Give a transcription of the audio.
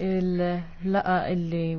il-laqa illi